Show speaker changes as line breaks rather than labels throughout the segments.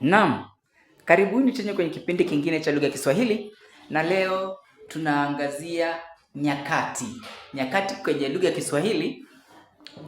Naam, karibuni tena kwenye kipindi kingine cha lugha ya Kiswahili na leo tunaangazia nyakati. Nyakati kwenye lugha ya Kiswahili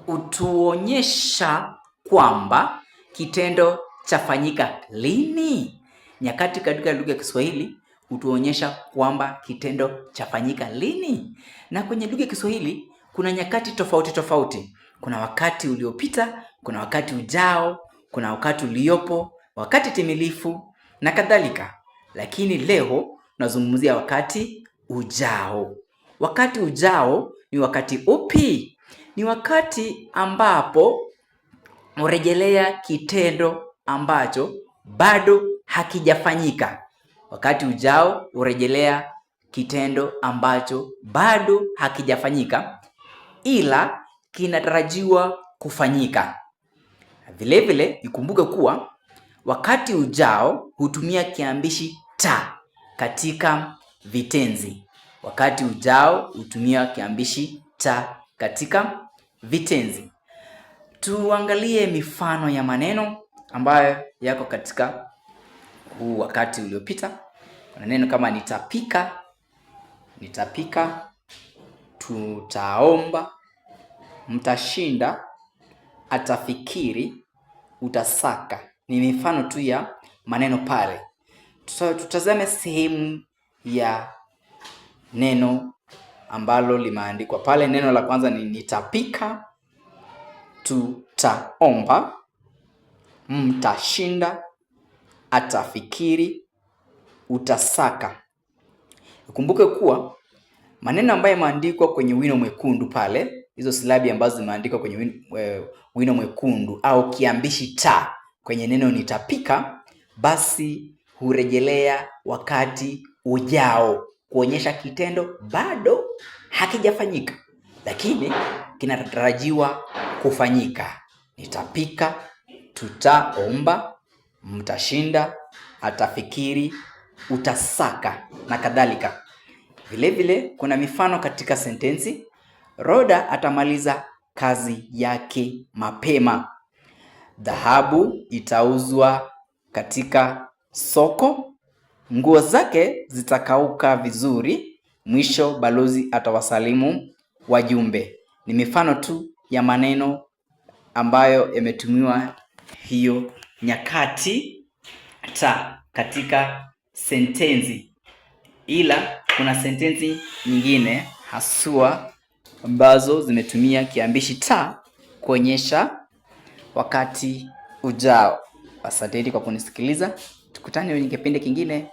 utuonyesha kwamba kitendo chafanyika lini. Nyakati katika lugha ya Kiswahili utuonyesha kwamba kitendo chafanyika lini. Na kwenye lugha ya Kiswahili kuna nyakati tofauti tofauti. Kuna wakati uliopita, kuna wakati ujao, kuna wakati uliopo wakati timilifu na kadhalika, lakini leo tunazungumzia wakati ujao. Wakati ujao ni wakati upi? Ni wakati ambapo urejelea kitendo ambacho bado hakijafanyika. Wakati ujao urejelea kitendo ambacho bado hakijafanyika ila kinatarajiwa kufanyika. Vilevile ikumbuke kuwa Wakati ujao hutumia kiambishi ta katika vitenzi. Wakati ujao hutumia kiambishi ta katika vitenzi. Tuangalie mifano ya maneno ambayo yako katika huu wakati uliopita. Kuna neno kama nitapika, nitapika, tutaomba, mtashinda, atafikiri, utasaka ni mifano tu ya maneno pale. Tutazame sehemu ya neno ambalo limeandikwa pale. Neno la kwanza ni nitapika, tutaomba, mtashinda, atafikiri, utasaka. Ukumbuke kuwa maneno ambayo yameandikwa kwenye wino mwekundu pale, hizo silabi ambazo zimeandikwa kwenye wino eh, mwekundu au kiambishi ta kwenye neno nitapika, basi hurejelea wakati ujao kuonyesha kitendo bado hakijafanyika, lakini kinatarajiwa kufanyika. Nitapika, tutaomba, mtashinda, atafikiri, utasaka na kadhalika. Vilevile kuna mifano katika sentensi: Roda atamaliza kazi yake mapema. Dhahabu itauzwa katika soko, nguo zake zitakauka vizuri. Mwisho balozi atawasalimu wajumbe. Ni mifano tu ya maneno ambayo yametumiwa hiyo nyakati ta katika sentensi, ila kuna sentensi nyingine haswa ambazo zimetumia kiambishi ta kuonyesha wakati ujao. Asanteni kwa kunisikiliza, tukutane kwenye kipindi kingine.